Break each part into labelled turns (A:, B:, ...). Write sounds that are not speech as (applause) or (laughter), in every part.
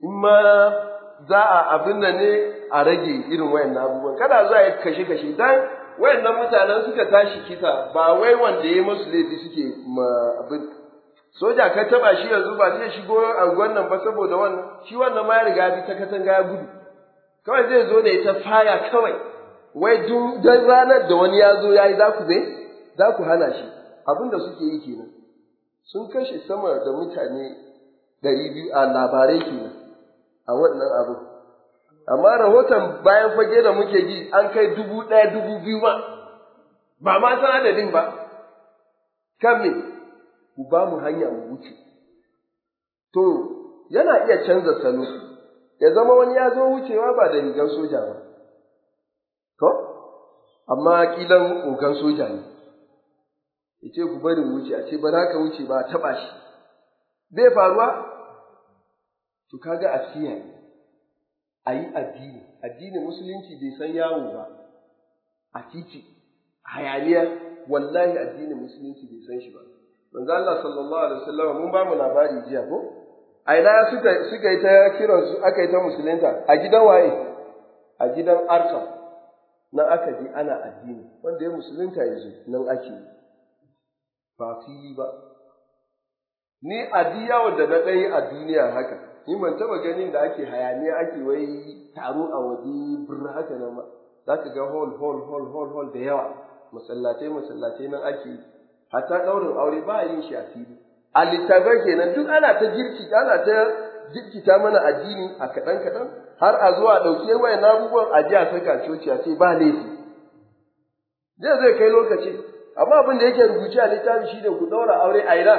A: in ma za a abin da ne a rage irin wayan abubuwan kada za a yi kashe kashe dan wayannan mutanen suka tashi kita ba wai wanda ya masu laifi suke ma abin soja ka taba shi yanzu ba zai shigo a nan ba saboda wannan shi wannan ma ya riga bi ta katanga ya gudu kawai zai zo ne ta faya kawai wai duk dan ranar da wani ya zo yayi za ku zai za ku hana shi abin da suke yi kenan sun kashe sama da mutane ɗari biyu a labarai kenan a wannan abu amma rahoton bayan fage da muke ji an kai dubu ɗaya dubu biyu ma ba ma san adadin ba kan ku ba mu hanya mu wuce to yana iya canza salo ya zama wani ya zo wucewa ba da rigar soja ba to amma kilan ogan soja ne ya ce ku bari wuce a ce ba za ka wuce ba a taɓa shi bai faruwa to kaga a kiyaye a yi addini addinin musulunci bai san yawo ba a titi hayaniya wallahi addinin musulunci bai san shi ba manzo Allah sallallahu alaihi wasallam mun ba mu labari jiya ko a ina suka suka yi ta kiran su aka yi ta musulunta a gidan waye a gidan arkam nan aka ji ana addini wanda ya musulunta yanzu nan ake ba fili ba ni a yawon da na ɗaya a duniya haka ni ban taba ganin da ake hayaniya ake wai taro a waje birnin haka nan ba za ka ga hall hall hall hall hall da yawa masallatai masallatai nan ake yi hatta ɗaurin aure ba a yin shi a fili a littafai kenan duk ana ta jirki ana ta jirkita mana addini a kaɗan kaɗan har a zuwa ɗauke wayan abubuwan a ji a saka coci a ce ba laifi zai zai kai lokaci amma abin da yake rubuce a littafi shi ne ku ɗaura aure a ina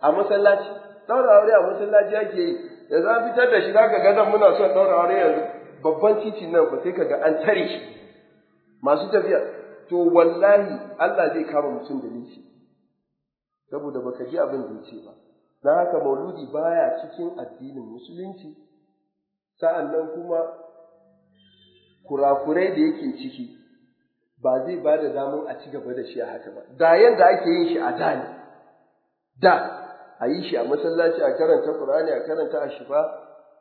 A: a masallaci ɗaura aure a masallaci yake yi da an fitar da shi za ka gadon muna son ɗaura aure yanzu babban titi nan ba sai ka ga an tare shi masu tafiya to wallahi Allah zai kama mutum da nishi saboda baka ji abin da ce ba Na haka mauludi baya cikin addinin musulunci sa'an nan kuma kurakurai da yake ciki ba zai ba da damar a ci gaba da shi a haka ba da yanda ake yin shi a da ne da a yi shi a masallaci a karanta Qur'ani a karanta a shifa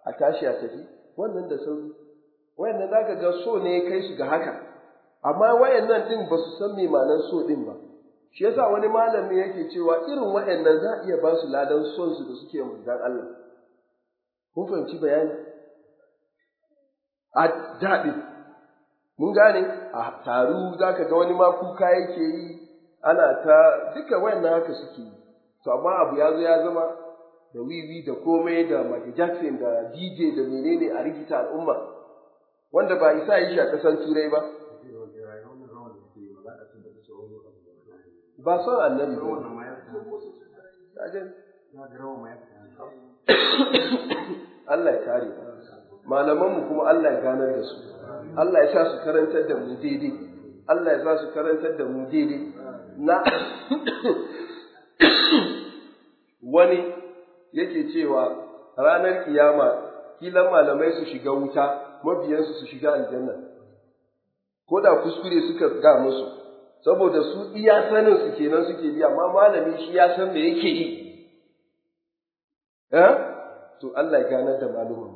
A: a tashi a tafi wannan da sauri wayannan zaka ga so ne kai su ga haka amma wayannan din ba su san me ma'anar so din ba shi yasa wani malami yake cewa irin wayannan za a iya ba su ladan son su da suke manzon Allah kun fahimci bayani a daɗi mun gane a taru zaka ga wani ma kuka yake yi ana ta duka wayannan haka suke yi to amma abu ya zo ya zama da wiwi da komai da Michael Jackson da DJ da menene a rigita al'umma wanda ba isa yi shi a kasan turai ba
B: ba son annabi
A: Allah ya kare malamanmu kuma Allah ya ganar da su Allah ya sa su karantar da mu daidai Allah ya sa su karantar da mu daidai na (coughs) wani yake cewa ranar kiyama kilan malamai su shiga wuta mabiyansu su shiga aljanna ko da kuskure suka ga musu saboda su iya sanin su kenan suke biya amma malami shi ya san me yake yi eh to Allah ya ganar da malumin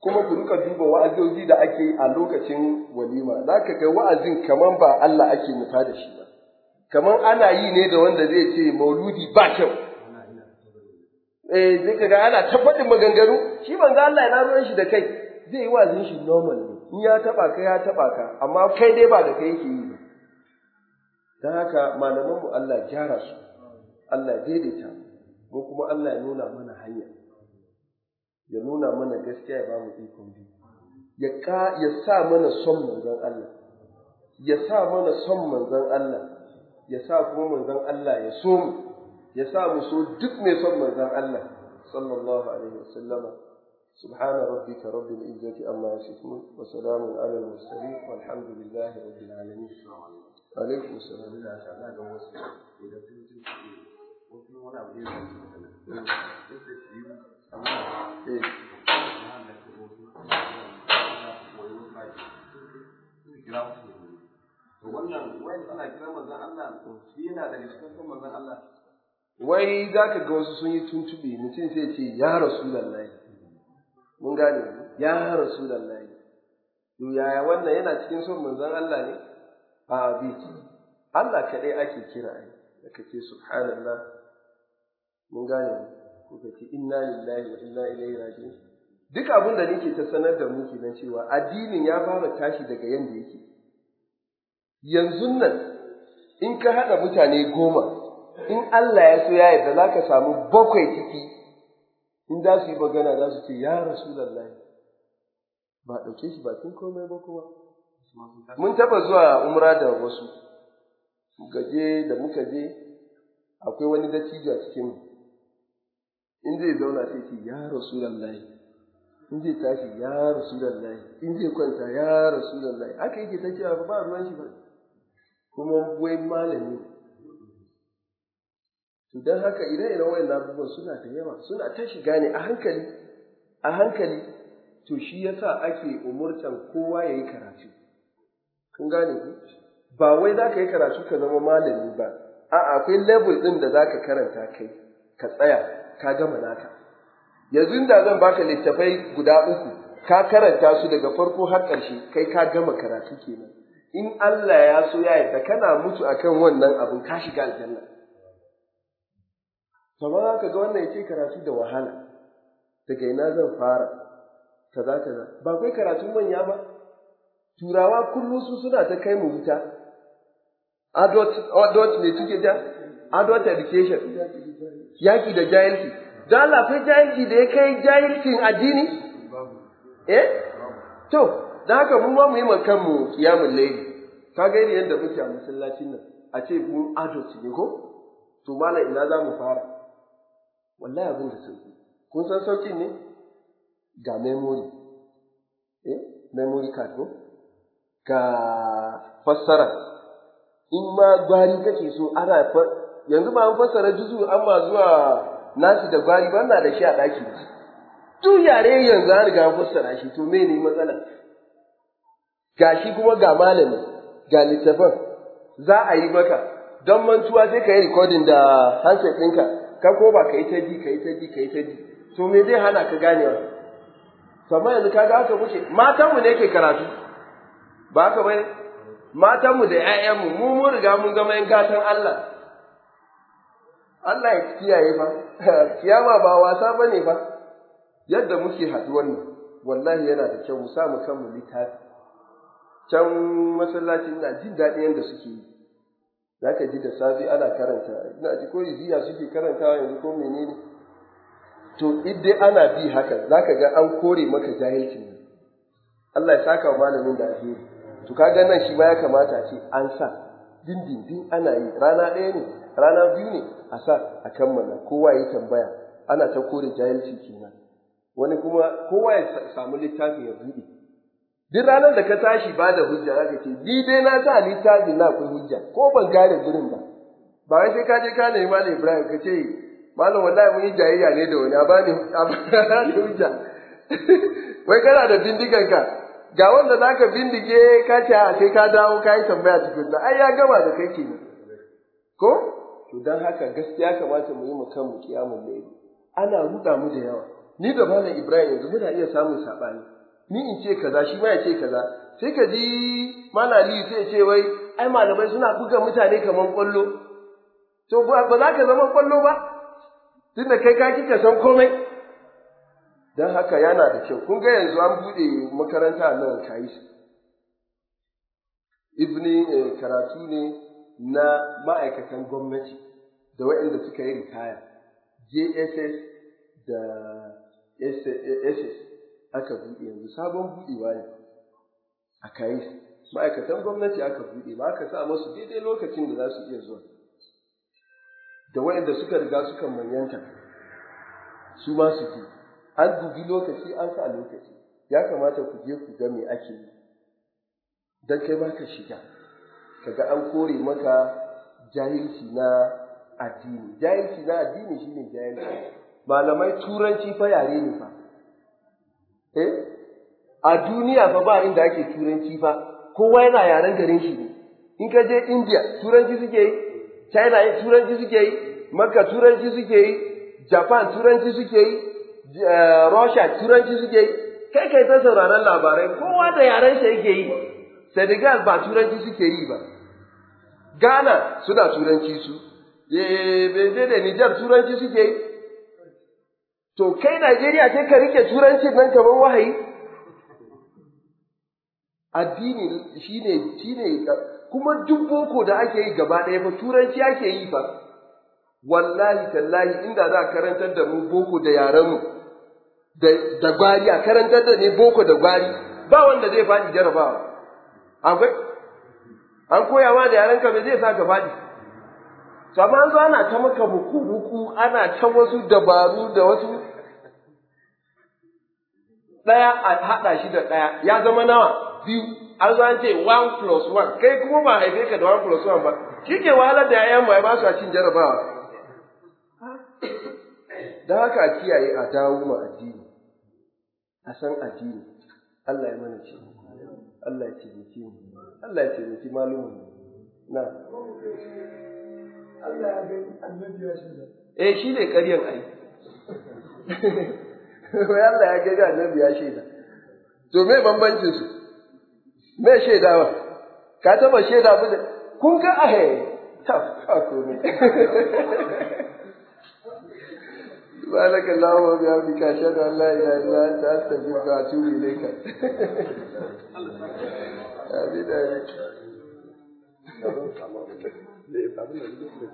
A: kuma ku rika duba wa'azozi da ake yi a lokacin walima zaka ka kai wa'azin kaman ba Allah ake nufa da shi ba kaman ana yi ne da wanda zai ce mauludi ba kyau eh zai ga ana tabbatin maganganu shi manzo Allah yana ruwan shi da kai zai yi wazin shi normal ne in ya taba ka ya taba ka amma kai dai ba da kai yake yi ba dan haka malaman mu Allah gyara su Allah daidaita ko kuma Allah ya nuna mana hanya ya nuna mana gaskiya ya ba mu ikon bi ya ka ya sa mana son manzon Allah ya sa mana son manzon Allah ya sa kuma manzon Allah ya so mu ya sa mu so duk mai son manzon Allah صلى الله عليه وسلم سبحان ربك رب العزة أما يصفون وسلام على المرسلين والحمد لله رب العالمين عليكم السلام wannan wani ana wai za ka ga wasu sun yi tuntuɓe mutum sai ce ya rasu lallai, mun gane ya rasu lallai. to yaya wannan yana cikin son manzon Allah ne a bi Allah kaɗai ake kira ai da ce subhanallah mun gane ko kace inna lillahi wa inna ilaihi raji'un duk abin da nake ta sanar da mu kenan cewa addinin ya fara tashi daga yanda yake yanzu nan in ka haɗa mutane goma in Allah ya so ya yarda za ka samu bakwai ciki in za su yi magana za su ce ya rasulallah ba ɗauke shi ba sun komai ba kuma mun taɓa zuwa umra da wasu gaje da muka je akwai wani dattijo a cikin in zai zauna sai ce ya rasulallah in zai tashi ya rasulallah in zai kwanta ya rasulallah haka yake ta ba ruwan shi ba kuma wai malami don haka ire-iren wayan abubuwan suna da yawa suna ta shiga ne a hankali a hankali to shi yasa ake umurtan kowa ya yi karatu kun gane ku ba wai za ka yi karatu ka zama malami ba a akwai level ɗin da za ka karanta kai ka tsaya ka gama naka yanzu da zan baka littafai guda uku ka karanta su daga farko har ƙarshe kai ka gama karatu kenan in Allah ya so ya yarda kana mutu akan wannan abin ka shiga aljanna Kamar haka ga wannan yake karatu da wahala, daga ina zan fara, kaza kaza, ba kai karatu manya ba, turawa kullum su suna ta kai mu wuta, adult ne tuke ta, adult education, yaki da jahilci, don Allah kai jahilci da ya kai jahilcin addini? Eh? To, da haka mu ma mu yi kanmu kiyamun laili, ka gaida yadda muke a masallacin nan, a ce mu adult ne ko? To, mala ina za mu fara? wallahi abin da sauki kun san sauki ne ga memory eh memory card ko ga fassara in ma gwari kake so ana yanzu ba an fassara juzu amma zuwa nasi da gwari ba na da shi a ɗaki duk yare yanzu an riga fassara shi to me ne matsala? ga shi kuma ga malami ga littafan za a yi maka don mantuwa sai ka yi rikodin da handset ɗinka ka ko ba ka yi ta ji, ka yi ta ji, ka yi ta ji. to me zai hana ka ganewa amma yanzu kaga haka matan matanmu ne ke karatu ba bai matan matanmu da ƴaƴanmu mu mun riga mun zama yan gatan Allah Allah ya kiyaye fa (laughs) kiyama ba wasa bane fa yadda muke haduwar nan wallahi yana da kyau mu samu kanmu littafi can masallaci na jin daɗin yadda suke yi za ka ji da safe ana karanta ina ji ko iziya suke karantawa yanzu ko menene to idde ana bi haka za ka ga an kore maka jahilci nan Allah ya saka wa malamin da alheri to kaga nan shi ba ya kamata ce an sa dindindin ana yi rana ɗaya ne rana biyu ne a sa a kammala kowa ya tambaya ana ta kore jahilci kenan wani kuma kowa ya samu littafi ya buɗe duk ranar da ka tashi ba da hujja za ka ce ni dai na sa littafi na kun hujja ko ban gane gurin ba ba wai sai ka je ka nemi malam ibrahim ka ce malam wallahi mun yi jayayya ne da wani a bani hujja (laughs) wai kana da bindigan ka ga wanda za ka bindige ka ce a sai ka dawo ka yi tambaya tukun ai ya gama da kai kenan ko to don haka gaskiya kamata mu yi mu kan mu kiyamun ana ruda mu da yawa ni da malam ibrahim yanzu muna iya samun saɓani ni in ce kaza shi ma ya ce kaza sai ka ji malali sai ce wai ai malamai suna buga mutane kamar kwallo to ba za ka zama kwallo ba tunda kai ka san komai don haka yana da kyau kun ga yanzu an buɗe makaranta nan kayi su ibni eh, karatu ne na ma'aikatan gwamnati da waɗanda suka yi ritaya jss da ss aka buɗe yanzu sabon buɗewa ne a kayi ma'aikatan gwamnati aka buɗe ba aka sa masu daidai lokacin da za su iya zuwa da waɗanda suka riga suka manyanta su ma su je an dubi lokaci an sa lokaci ya kamata ku je ku ga me ake yi don kai ma ka shiga kaga an kore maka jahilci na addini jahilci na addini shine jahilci malamai turanci fa yare ne fa eh a duniya fa ba inda ake turanci fa kowa yana yaren garin shi ne in ka je India turanci suke yi China turanci suke yi Makka turanci suke yi Japan turanci suke yi eh, Russia turanci suke yi kai kai ta sauraron labarai kowa da yaren shi yake yi Senegal ba turanci suke yi ba Ghana suna turanci su eh Niger turanci suke yi To kai Najeriya sai ka rike turanci nan ban wahayi? Addini shi ne, shi ne, kuma duk boko da ake yi gaba ɗaya fa turanci ake yi fa. Wallahi tallahi inda za a karantar da mu boko da mu, da gwari a karantar da ne boko da gwari, ba wanda zai faɗi jarabawa. Akwai? An koya ma da ka me zai sa ka faɗi? Kama zo ana ta maka buku-buku ana ta wasu dabaru da wasu ɗaya a haɗa shi da ɗaya ya zama nawa biyu an zo an ce one plus one kai kuma ba haife ka da one plus one ba shi ke wahalar da ‘ya'yan mai ba su cin jarabawa. Don haka a kiyaye a dawo ma addini, a san addini, Allah ya mana ce, Allah ya ce Allah ya ce malumin na. Allah ya gani annabi ya shaida. Eh shi ne ƙaryan ai. Wai Allah ya ga annabi ya shaida. To me bambancin su? Me ba. Ka taba shaida mu da kun ga ahe ta ne. سبحانك اللهم وبحمدك أشهد أن لا إله إلا أنت أستغفرك وأتوب إليك. آمين آمين. kafin samu abin da abin na duk da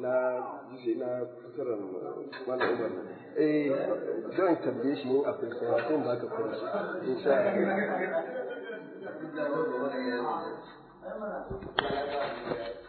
A: na jise na umar eh zan tambaye shi ne a fulsa sai ba ka fulsa Allah